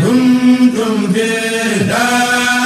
دمتم في دار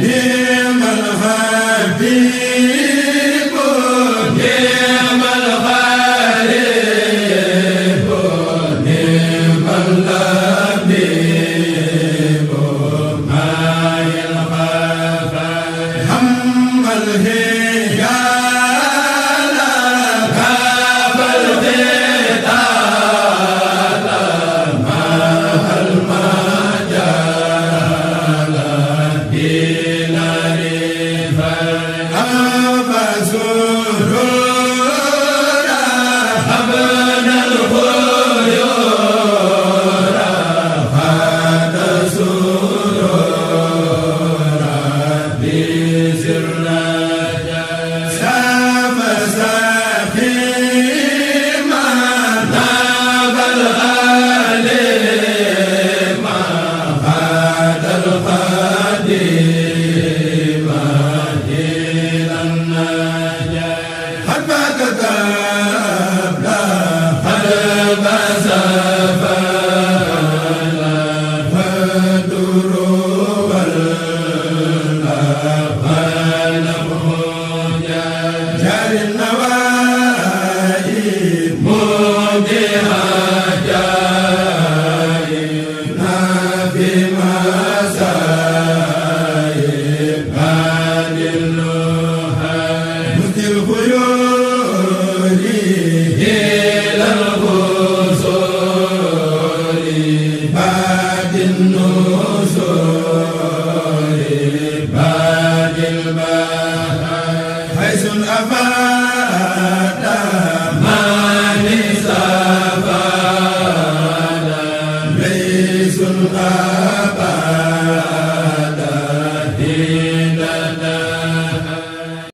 بهم الغافلين a